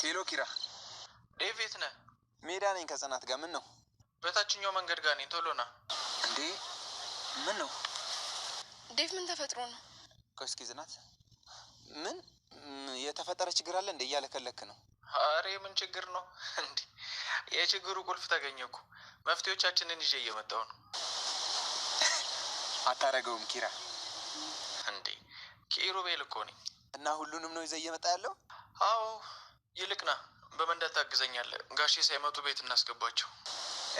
ሄሎ ኪራ፣ ዴቭ የት ነህ? ሜዳ ነኝ። ከጽናት ጋር ምን ነው? በታችኛው መንገድ ጋር ነኝ። ቶሎ ና። እንዴ ምን ነው ዴቭ? ምን ተፈጥሮ ነው? ቆይ እስኪ ጽናት፣ ምን የተፈጠረ ችግር አለ እንደ እያለከለክ ነው። አሬ ምን ችግር ነው እንዴ? የችግሩ ቁልፍ ተገኘኩ መፍትሄዎቻችንን ይዤ እየመጣው ነው። አታረገውም ኪራ። እንዴ ኪሩቤል እኮ ነኝ። እና ሁሉንም ነው ይዘህ እየመጣ ያለው? አዎ ይልቅና በመንዳት ታግዘኛለ። ጋሼ ሳይመጡ ቤት እናስገባቸው።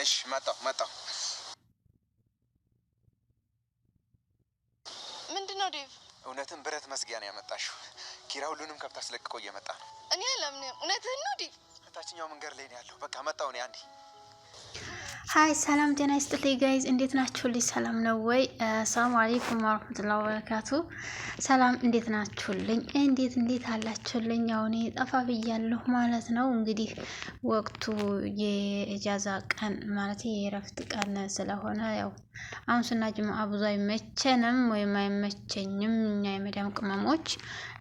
እሽ፣ መጣሁ መጣሁ። ምንድን ነው ዴቭ? እውነትም ብረት መዝጊያ ነው ያመጣሽው። ኪራ ሁሉንም ከብት አስለቅቆ እየመጣ ነው። እኔ አላምንም። እውነትህን ነው ዴቭ። ታችኛው መንገድ ላይ ነው ያለው። በቃ መጣሁ እኔ አንዴ ሀይ ሰላም ጤና ይስጥልኝ ጋይዝ፣ እንዴት ናችሁልኝ? ሰላም ነው ወይ? ሰላም አለይኩም ወረህመቱላሂ ወበረካቱ። ሰላም እንዴት ናችሁልኝ? እንዴት እንዴት አላችሁልኝ? አሁን ጠፋ ብያለሁ ማለት ነው። እንግዲህ ወቅቱ የእጃዛ ቀን ማለት የእረፍት ቀን ስለሆነ ያው አምስና ጅማ ብዙ አይመቸንም ወይም አይመቸኝም እኛ የመዳም ቅመሞች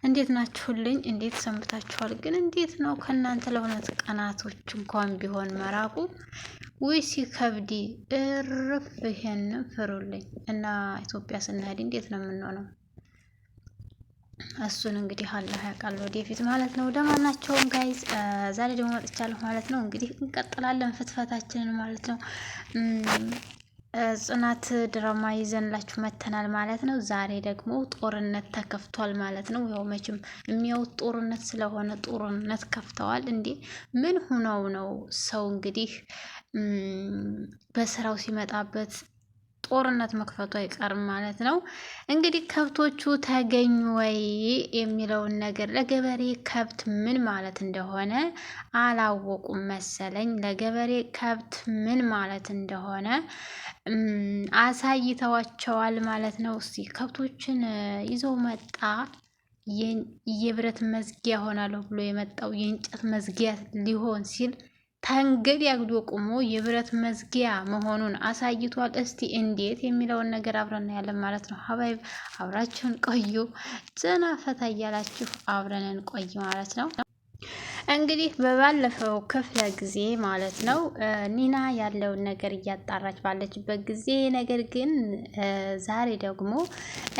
እንዴት ናችሁልኝ? እንዴት ሰንብታችኋል? ግን እንዴት ነው ከእናንተ ለሁለት ቀናቶች እንኳን ቢሆን መራቁ ውይ ሲከብድ እርፍ። ይሄንን ፍሩልኝ እና ኢትዮጵያ ስናሄድ እንዴት ነው የምንሆነው? እሱን እንግዲህ አላህ ያውቃል፣ ወደፊት ማለት ነው። ለማናቸውም ጋይዝ ዛሬ ደግሞ መጥቻለሁ ማለት ነው። እንግዲህ እንቀጥላለን ፍትፈታችንን ማለት ነው። ጽናት ድራማ ይዘንላችሁ መተናል ማለት ነው። ዛሬ ደግሞ ጦርነት ተከፍቷል ማለት ነው። ያው መቼም የሚያዩት ጦርነት ስለሆነ ጦርነት ከፍተዋል። እንዴ ምን ሁነው ነው ሰው እንግዲህ በስራው ሲመጣበት ጦርነት መክፈቱ አይቀርም ማለት ነው። እንግዲህ ከብቶቹ ተገኙ ወይ የሚለውን ነገር ለገበሬ ከብት ምን ማለት እንደሆነ አላወቁም መሰለኝ። ለገበሬ ከብት ምን ማለት እንደሆነ አሳይተዋቸዋል ማለት ነው። እስቲ ከብቶችን ይዘው መጣ የብረት መዝጊያ ሆናለሁ ብሎ የመጣው የእንጨት መዝጊያ ሊሆን ሲል ተንገዳግዶ ቁሞ የብረት መዝጊያ መሆኑን አሳይቷል። እስቲ እንዴት የሚለውን ነገር አብረን እናያለን ማለት ነው። ሀባይብ አብራችሁን ቆዩ፣ ዘና ፈታ እያላችሁ አብረንን ቆይ ማለት ነው። እንግዲህ በባለፈው ክፍለ ጊዜ ማለት ነው ኒና ያለውን ነገር እያጣራች ባለችበት ጊዜ፣ ነገር ግን ዛሬ ደግሞ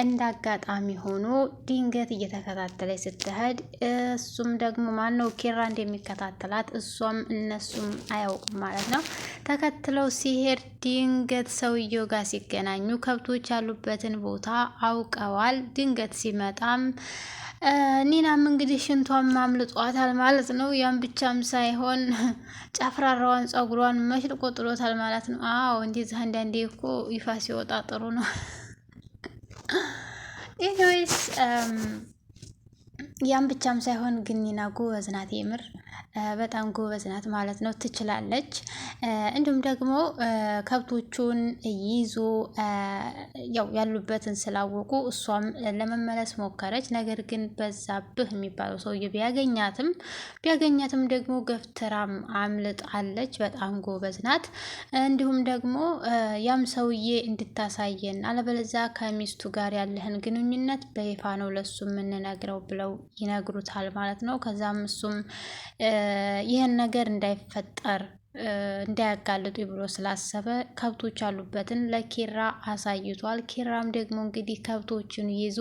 እንደ አጋጣሚ ሆኖ ድንገት እየተከታተለች ስትሄድ እሱም ደግሞ ማነው ኪራ እንደሚከታተላት እሷም እነሱም አያውቁም ማለት ነው። ተከትለው ሲሄድ ድንገት ሰውየው ጋር ሲገናኙ ከብቶች ያሉበትን ቦታ አውቀዋል። ድንገት ሲመጣም ኒናም እንግዲህ ሽንቷን ማምልጧታል ማለት ነው። ያም ብቻም ሳይሆን ጨፍራራዋን ጸጉሯን መሽልቆ ጥሎታል ማለት ነው። አዎ እንደዚህ አንዳንዴ እኮ ይፋ ሲወጣ ጥሩ ነው። ኢኒዌይስ ያም ብቻም ሳይሆን ግን ኒና ጎበዝ ናት የምር በጣም ጎበዝ ናት ማለት ነው። ትችላለች። እንዲሁም ደግሞ ከብቶቹን ይዞ ያው ያሉበትን ስላወቁ እሷም ለመመለስ ሞከረች። ነገር ግን በዛብህ የሚባለው ሰውዬ ቢያገኛትም ቢያገኛትም ደግሞ ገፍትራም አምልጣለች። በጣም ጎበዝ ናት። እንዲሁም ደግሞ ያም ሰውዬ እንድታሳየን አለበለዚያ ከሚስቱ ጋር ያለህን ግንኙነት በይፋ ነው ለሱ የምንነግረው ብለው ይነግሩታል ማለት ነው። ከዛም እሱም ይህን ነገር እንዳይፈጠር እንዳያጋልጡ ብሎ ስላሰበ ከብቶች ያሉበትን ለኪራ አሳይቷል። ኪራም ደግሞ እንግዲህ ከብቶችን ይዞ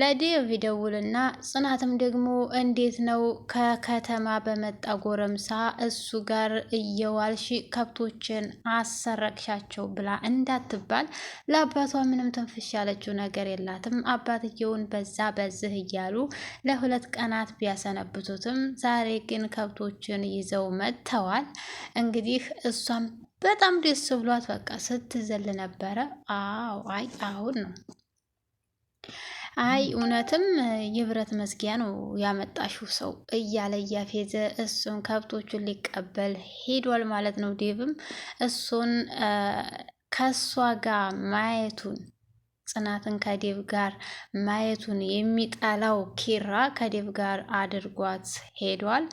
ለዴቭ ይደውልና ጽናትም ደግሞ እንዴት ነው ከከተማ በመጣ ጎረምሳ እሱ ጋር እየዋልሽ ከብቶችን አሰረቅሻቸው ብላ እንዳትባል ለአባቷ ምንም ትንፍሽ ያለችው ነገር የላትም። አባትየውን በዛ በዝህ እያሉ ለሁለት ቀናት ቢያሰነብቱትም ዛሬ ግን ከብቶችን ይዘው መጥተዋል። እንግዲህ እሷም በጣም ደስ ብሏት በቃ ስትዘል ነበረ። አዎ አይ አሁን ነው አይ እውነትም የብረት መዝጊያ ነው ያመጣሽው ሰው እያለ እያፌዘ እሱን ከብቶቹን ሊቀበል ሄዷል ማለት ነው። ዴቭም እሱን ከእሷ ጋር ማየቱን ጽናትን ከዴብ ጋር ማየቱን የሚጠላው ኪራ ከዴብ ጋር አድርጓት ሄዷል።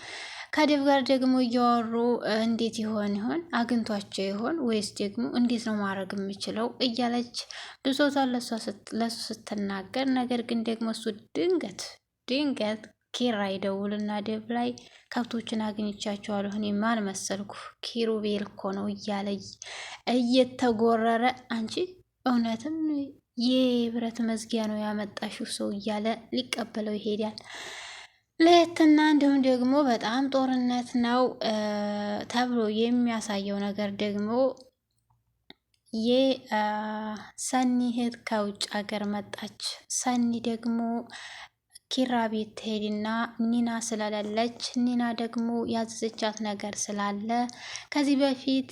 ከዴቭ ጋር ደግሞ እያወሩ እንዴት ይሆን ይሆን አግኝቷቸው ይሆን ወይስ ደግሞ እንዴት ነው ማድረግ የምችለው እያለች ብሶቷን ለሱ ስትናገር፣ ነገር ግን ደግሞ እሱ ድንገት ድንገት ኪራ ይደውልና ዴቭ ላይ ከብቶችን አግኝቻቸዋለሁ እኔ ማን መሰልኩ ኪሩቤል እኮ ነው እያለ እየተጎረረ አንቺ እውነትም የብረት መዝጊያ ነው ያመጣሽው ሰው እያለ ሊቀበለው ይሄዳል። ለየትና እንዲሁም ደግሞ በጣም ጦርነት ነው ተብሎ የሚያሳየው ነገር ደግሞ የሰኒ እህት ከውጭ ሀገር መጣች። ሰኒ ደግሞ ኪራ ቤት ትሄድና ኒና ስለሌለች ኒና ደግሞ ያዘዘቻት ነገር ስላለ ከዚህ በፊት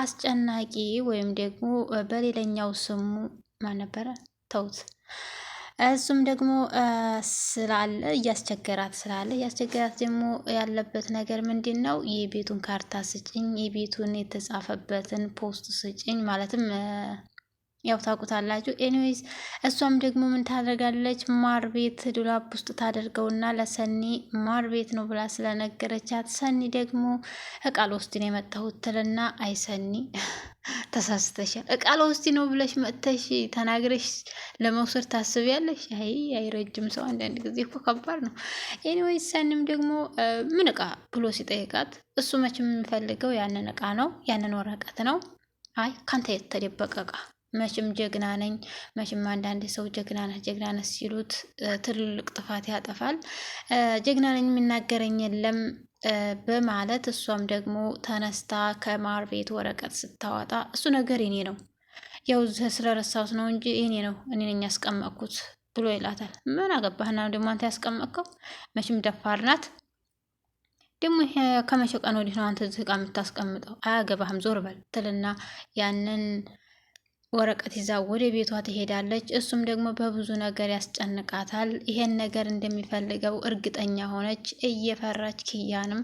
አስጨናቂ ወይም ደግሞ በሌላኛው ስሙ ማን ነበረ? ተውት እሱም ደግሞ ስላለ እያስቸገራት ስላለ እያስቸገራት ደግሞ ያለበት ነገር ምንድን ነው? የቤቱን ካርታ ስጭኝ፣ የቤቱን የተጻፈበትን ፖስት ስጭኝ ማለትም ያው ታውቁታላችሁ። ኤኒዌይስ እሷም ደግሞ ምን ታደርጋለች? ማር ቤት ዱላብ ውስጥ ታደርገውና ለሰኒ ማር ቤት ነው ብላ ስለነገረቻት ሰኒ ደግሞ እቃል ወስድ ነው የመጣሁት ትልና አይ ሰኒ ተሳስተሻል፣ እቃል ወስድ ነው ብለሽ መጥተሽ ተናግረሽ ለመውሰድ ታስቢያለሽ። አይ አይረጅም ሰው አንዳንድ ጊዜ እኮ ከባድ ነው። ኤኒዌይስ ሰኒም ደግሞ ምን እቃ ብሎ ሲጠይቃት እሱ መቼም የሚፈልገው ያንን እቃ ነው ያንን ወረቀት ነው። አይ ካንተ የተደበቀ እቃ መቼም ጀግና ነኝ መቼም አንዳንድ ሰው ጀግና ነህ ጀግና ነህ ሲሉት ትልቅ ጥፋት ያጠፋል። ጀግና ነኝ የሚናገረኝ የለም በማለት እሷም ደግሞ ተነስታ ከማር ቤት ወረቀት ስታወጣ እሱ ነገር የኔ ነው፣ ያው ስለረሳሁት ነው እንጂ የኔ ነው፣ እኔ ነኝ ያስቀመጥኩት ብሎ ይላታል። ምን አገባህና ደግሞ አንተ ያስቀመጥከው? መቼም ደፋር ናት ደግሞ ይሄ ከመቼ ቀን ወዲህ ነው አንተ እዚህ ዕቃ የምታስቀምጠው? አያገባህም ዞር በል ትልና ያንን ወረቀት ይዛ ወደ ቤቷ ትሄዳለች። እሱም ደግሞ በብዙ ነገር ያስጨንቃታል። ይሄን ነገር እንደሚፈልገው እርግጠኛ ሆነች። እየፈራች ኪያንም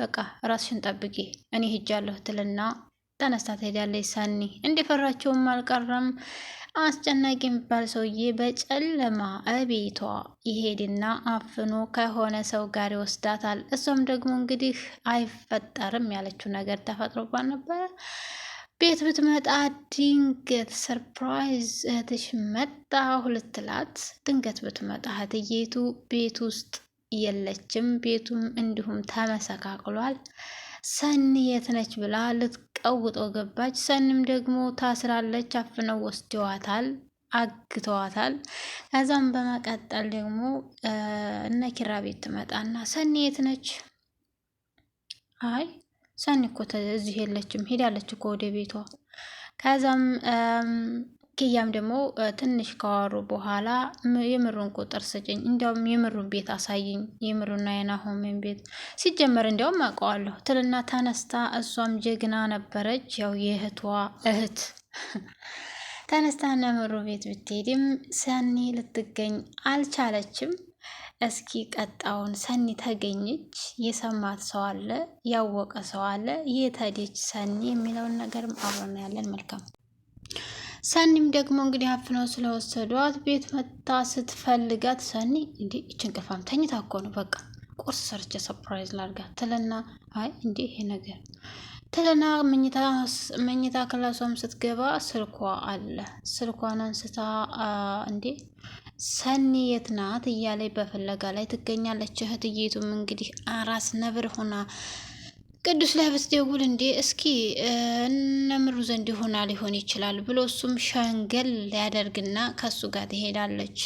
በቃ ራስሽን ጠብቂ እኔ ሄጃለሁ ትልና ተነስታ ትሄዳለች። ሰኒ እንደፈራቸውም አልቀረም። አስጨናቂ የሚባል ሰውዬ በጨለማ እቤቷ ይሄድና አፍኖ ከሆነ ሰው ጋር ይወስዳታል። እሷም ደግሞ እንግዲህ አይፈጠርም ያለችው ነገር ተፈጥሮባት ነበረ። ቤት ብትመጣ ድንገት ሰርፕራይዝ እህትሽ መጣሁ ልትላት ድንገት ብትመጣ እህትዬቱ ቤት ውስጥ የለችም። ቤቱም እንዲሁም ተመሰካክሏል። ሰኒ የት ነች ብላ ልትቀውጦ ገባች። ሰኒም ደግሞ ታስራለች። አፍነው ወስደዋታል፣ አግተዋታል። ከዛም በመቀጠል ደግሞ እነ ኪራ ቤት ትመጣና ሰኒ የት ነች? አይ ሰኒ እኮ እዚህ የለችም ሄዳለች እኮ ወደ ቤቷ። ከዛም ክያም ደግሞ ትንሽ ካወሩ በኋላ የምሩን ቁጥር ስጭኝ፣ እንዲያውም የምሩን ቤት አሳይኝ፣ የምሩና የናሆምን ቤት ሲጀመር እንዲያውም አውቀዋለሁ ትልና ተነስታ፣ እሷም ጀግና ነበረች፣ ያው የእህቷ እህት ተነስታ እና ምሩ ቤት ብትሄድም ሰኒ ልትገኝ አልቻለችም። እስኪ ቀጣውን ሰኒ ተገኘች የሰማት ሰው አለ ያወቀ ሰው አለ የተደች ሰኒ የሚለውን ነገርም አብረን ያለን መልካም። ሰኒም ደግሞ እንግዲህ አፍነው ስለወሰዷት ቤት መታ ስትፈልጋት ሰኒ እንዴ ይችን ቅፋም ተኝታ እኮ ነው በቃ ቁርስ ሰርቼ ሰፕራይዝ ላድርጋ ትለና አይ እንዴ ይሄ ነገር ትለና መኝታ ክላሷም ስትገባ ስልኳ አለ ስልኳን አንስታ እንዴ ሰኒ የት ናት እያለ በፍለጋ ላይ ትገኛለች። እህትዬቱም እንግዲህ አራስ ነብር ሆና ቅዱስ ላይ ብትደውል እንዴ እስኪ እነምሩ ዘንድ ሆና ሊሆን ይችላል ብሎ እሱም ሸንገል ሊያደርግና ከሱ ጋር ትሄዳለች።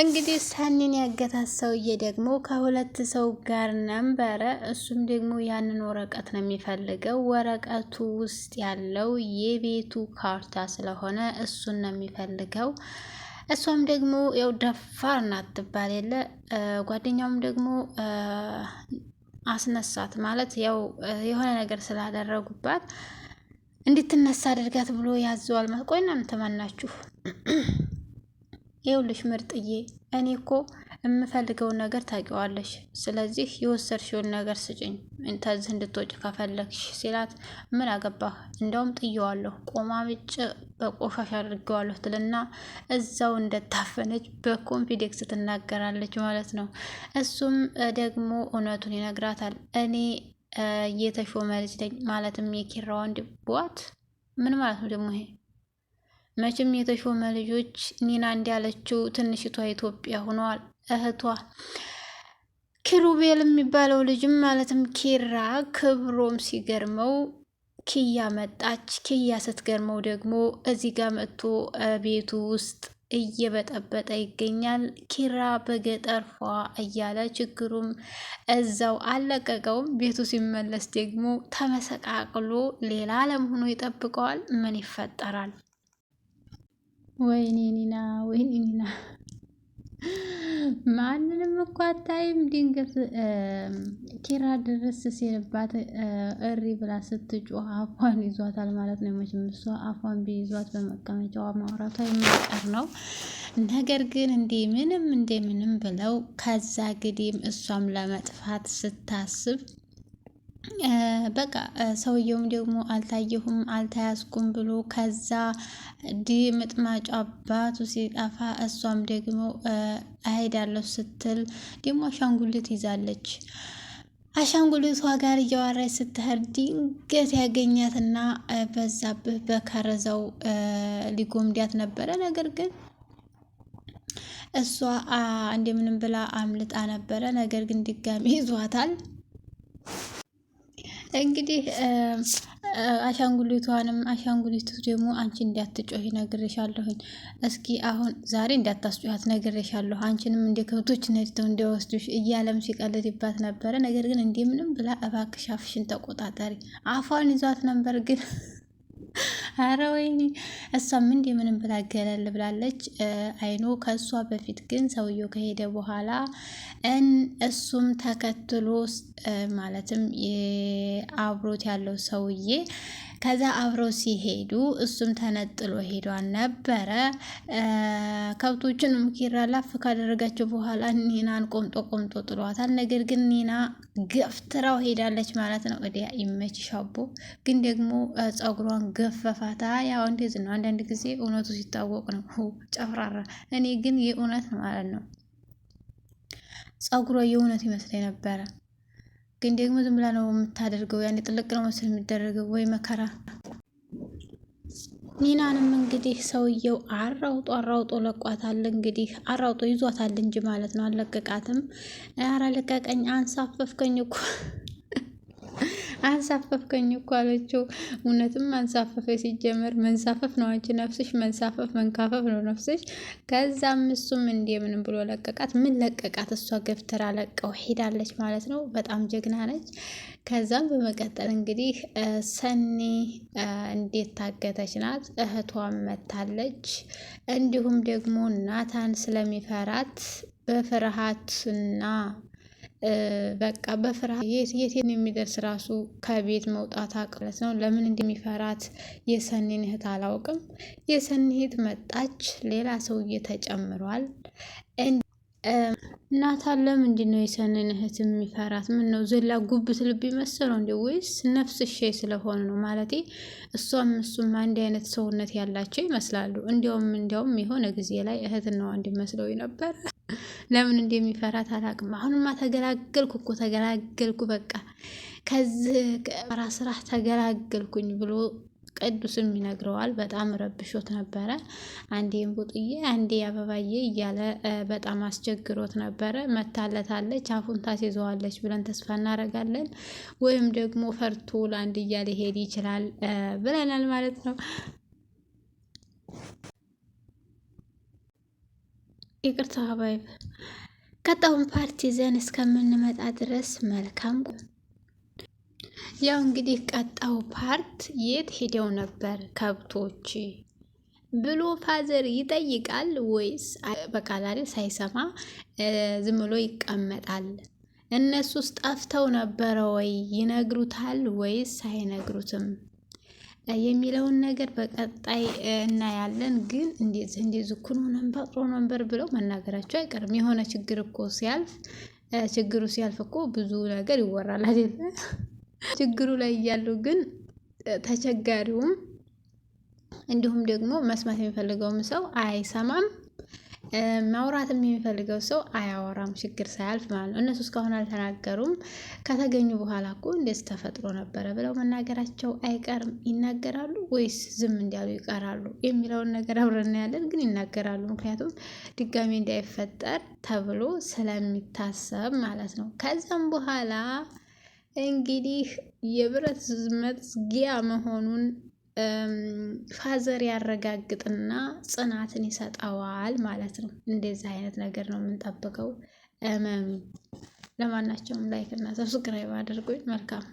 እንግዲህ ሰኒን ያገታት ሰውዬ ደግሞ ከሁለት ሰው ጋር ነበረ። እሱም ደግሞ ያንን ወረቀት ነው የሚፈልገው። ወረቀቱ ውስጥ ያለው የቤቱ ካርታ ስለሆነ እሱን ነው የሚፈልገው። እሷም ደግሞ ያው ደፋር ናት ትባል የለ ጓደኛውም ደግሞ አስነሳት ማለት ያው የሆነ ነገር ስላደረጉባት እንድትነሳ አድርጋት ብሎ ያዘዋል። ቆይ እናንተ ማናችሁ? ይኸውልሽ ምርጥዬ፣ እኔ እኮ የምፈልገውን ነገር ታውቂዋለሽ። ስለዚህ የወሰድሽውን ነገር ስጭኝ ተዝህ እንድትወጭ ከፈለግሽ ሲላት፣ ምን አገባህ እንደውም ጥየዋለሁ፣ ቆማምጭ በቆሻሻ አድርጌዋለሁ ትልና እዛው እንደታፈነች በኮንፊዴክስ ትናገራለች ማለት ነው። እሱም ደግሞ እውነቱን ይነግራታል። እኔ የተሾመ ልጅ ነኝ ማለትም የኪራ ወንድ ቧት ምን ማለት ነው ደግሞ ይሄ መቼም የተሾመ ልጆች ኒና እንዳለችው ትንሽቷ ኢትዮጵያ ሆነዋል። እህቷ ኪሩቤል የሚባለው ልጅም ማለትም ኪራ ክብሮም ሲገርመው ኪያ መጣች። ኪያ ስትገርመው ደግሞ እዚህ ጋር መጥቶ ቤቱ ውስጥ እየበጠበጠ ይገኛል። ኪራ በገጠር ፏ እያለ ችግሩም እዛው አለቀቀውም። ቤቱ ሲመለስ ደግሞ ተመሰቃቅሎ ሌላ ዓለም ሆኖ ይጠብቀዋል። ምን ይፈጠራል? ወይኔ ኒና ወይኔ ኒና ማንንም እኮ አታይም። ድንገት ኪራ ድረስ ሲልባት እሪ ብላ ስትጮህ አፏን ይዟታል ማለት ነው። መቼም እሷ አፏን ቢይዟት በመቀመጫዋ ማውራቷ የሚቀር ነው። ነገር ግን እንዴ ምንም እንዴ ምንም ብለው ከዛ ግዲም እሷም ለመጥፋት ስታስብ በቃ ሰውየውም ደግሞ አልታየሁም አልተያዝኩም ብሎ ከዛ ምጥማጭ አባቱ ሲጠፋ እሷም ደግሞ እሄዳለሁ ስትል ደግሞ አሻንጉሊት ይዛለች። አሻንጉሊቷ ጋር እያወራች ስትሄድ ድንገት ያገኛትና በዛብህ በከረዛው ሊጎምዳት ነበረ። ነገር ግን እሷ እንደምንም ብላ አምልጣ ነበረ። ነገር ግን ድጋሚ ይዟታል። እንግዲህ አሻንጉሊቷንም አሻንጉሊቱ ደግሞ አንቺ እንዳትጮህ ነግሬሻለሁኝ። እስኪ አሁን ዛሬ እንዳታስጮሃት ነግሬሻለሁ። አንቺንም እንደ ከብቶች ነድተው እንዲወስዱሽ እያለም ሲቀልድባት ነበረ። ነገር ግን እንደምንም ብላ እባክሽ አፍሽን ተቆጣጠሪ። አፏን ይዟት ነበር ግን ኧረ ወይኔ እሷም እንዲህ ምንም ብላ ገለል ብላለች። አይኖ ከእሷ በፊት ግን ሰውየው ከሄደ በኋላ እን እሱም ተከትሎ ማለትም አብሮት ያለው ሰውዬ ከዛ አብረው ሲሄዱ እሱም ተነጥሎ ሄዷን ነበረ። ከብቶችን ሙኪራ ላፍ ካደረጋቸው በኋላ ኒናን ቆምጦ ቆምጦ ጥሏታል። ነገር ግን ኒና ገፍትራው ሄዳለች ማለት ነው። እዲያ ይመች ሻቦ ግን ደግሞ ጸጉሯን ገፈፋታ። ያው እንደዚህ ነው አንዳንድ ጊዜ እውነቱ ሲታወቅ ነው ጨፍራራ። እኔ ግን የእውነት ማለት ነው ጸጉሯ የእውነት ይመስለኝ ነበረ። ግን ደግሞ ዝም ብላ ነው የምታደርገው። ያኔ ጥልቅ ነው መስል የሚደረገው ወይ መከራ። ኒናንም እንግዲህ ሰውየው አራውጦ አራውጦ ለቋታል። እንግዲህ አራውጦ ይዟታል እንጂ ማለት ነው። አለቀቃትም። ኧረ ልቀቀኝ፣ አንሳፈፍከኝ እኮ አንሳፈፍከኝ እኮ አለችው። እውነትም አንሳፈፈ። ሲጀመር መንሳፈፍ ነው አንቺ ነፍስሽ፣ መንሳፈፍ መንካፈፍ ነው ነፍስሽ። ከዛም እሱም እንደምንም ብሎ ለቀቃት። ምን ለቀቃት? እሷ ገፍትራ ለቀው ሄዳለች ማለት ነው። በጣም ጀግና ነች። ከዛም በመቀጠል እንግዲህ ሰኒ እንዴት ታገተች ናት እህቷን መታለች። እንዲሁም ደግሞ ናታን ስለሚፈራት በፍርሃትና በቃ በፍርሃት የት የሚደርስ ራሱ ከቤት መውጣት አቅለት ነው። ለምን እንደሚፈራት የሰኒን እህት አላውቅም። የሰኒ እህት መጣች፣ ሌላ ሰውዬ ተጨምሯል። ናታን ለምንድን ነው የሰኒን እህት የሚፈራት? ምን ነው ዝላ ጉብት ልብ ይመስለው እንዲ ወይስ ነፍስ እሺ ስለሆነ ነው? ማለት እሷም እሱም አንድ አይነት ሰውነት ያላቸው ይመስላሉ። እንዲያውም እንዲያውም የሆነ ጊዜ ላይ እህትና ወንድም መስለው ነበር። ለምን እንደሚፈራት አላቅም አሁንማ ተገላገልኩ እኮ ተገላገልኩ፣ በቃ ከዚህ ራ ስራ ተገላገልኩኝ ብሎ ቅዱስም ይነግረዋል። በጣም ረብሾት ነበረ። አንዴ እንቡጥዬ አንዴ አበባዬ እያለ በጣም አስቸግሮት ነበረ። መታለታለች፣ አፉን ታስይዘዋለች ብለን ተስፋ እናደርጋለን። ወይም ደግሞ ፈርቶ ለአንድ እያለ ሄድ ይችላል ብለናል ማለት ነው። ይቅርታ ባይብ ቀጣውን ፓርቲ ዘን እስከምንመጣ ድረስ መልካም ያው እንግዲህ ቀጣው ፓርት የት ሄደው ነበር ከብቶች ብሎ ፋዘር ይጠይቃል ወይስ በቃላሪ ሳይሰማ ዝም ብሎ ይቀመጣል? እነሱስ ጠፍተው ነበረ ወይ ይነግሩታል ወይስ አይነግሩትም? የሚለውን ነገር በቀጣይ እናያለን። ግን እንደዚህ እንደዚህ እኮ ሆነን ነበር ጥሩ ነበር ብለው መናገራቸው አይቀርም። የሆነ ችግር እኮ ሲያልፍ ችግሩ ሲያልፍ እኮ ብዙ ነገር ይወራል አይደለ? ችግሩ ላይ እያሉ ግን ተቸጋሪውም እንዲሁም ደግሞ መስማት የሚፈልገውም ሰው አይሰማም። ማውራትም የሚፈልገው ሰው አያወራም፣ ችግር ሳያልፍ ማለት ነው። እነሱ እስካሁን አልተናገሩም። ከተገኙ በኋላ እኮ እንዴት ተፈጥሮ ነበረ ብለው መናገራቸው አይቀርም። ይናገራሉ ወይስ ዝም እንዲያሉ ይቀራሉ የሚለውን ነገር አብረና ያለን ግን ይናገራሉ። ምክንያቱም ድጋሚ እንዳይፈጠር ተብሎ ስለሚታሰብ ማለት ነው። ከዛም በኋላ እንግዲህ የብረት መዝጊያ መሆኑን ፋዘር ያረጋግጥና ጽናትን ይሰጠዋል ማለት ነው። እንደዚህ አይነት ነገር ነው የምንጠብቀው። እመሚ ለማናቸውም ላይክ እና ሰብስክራይብ አድርጉኝ። መልካም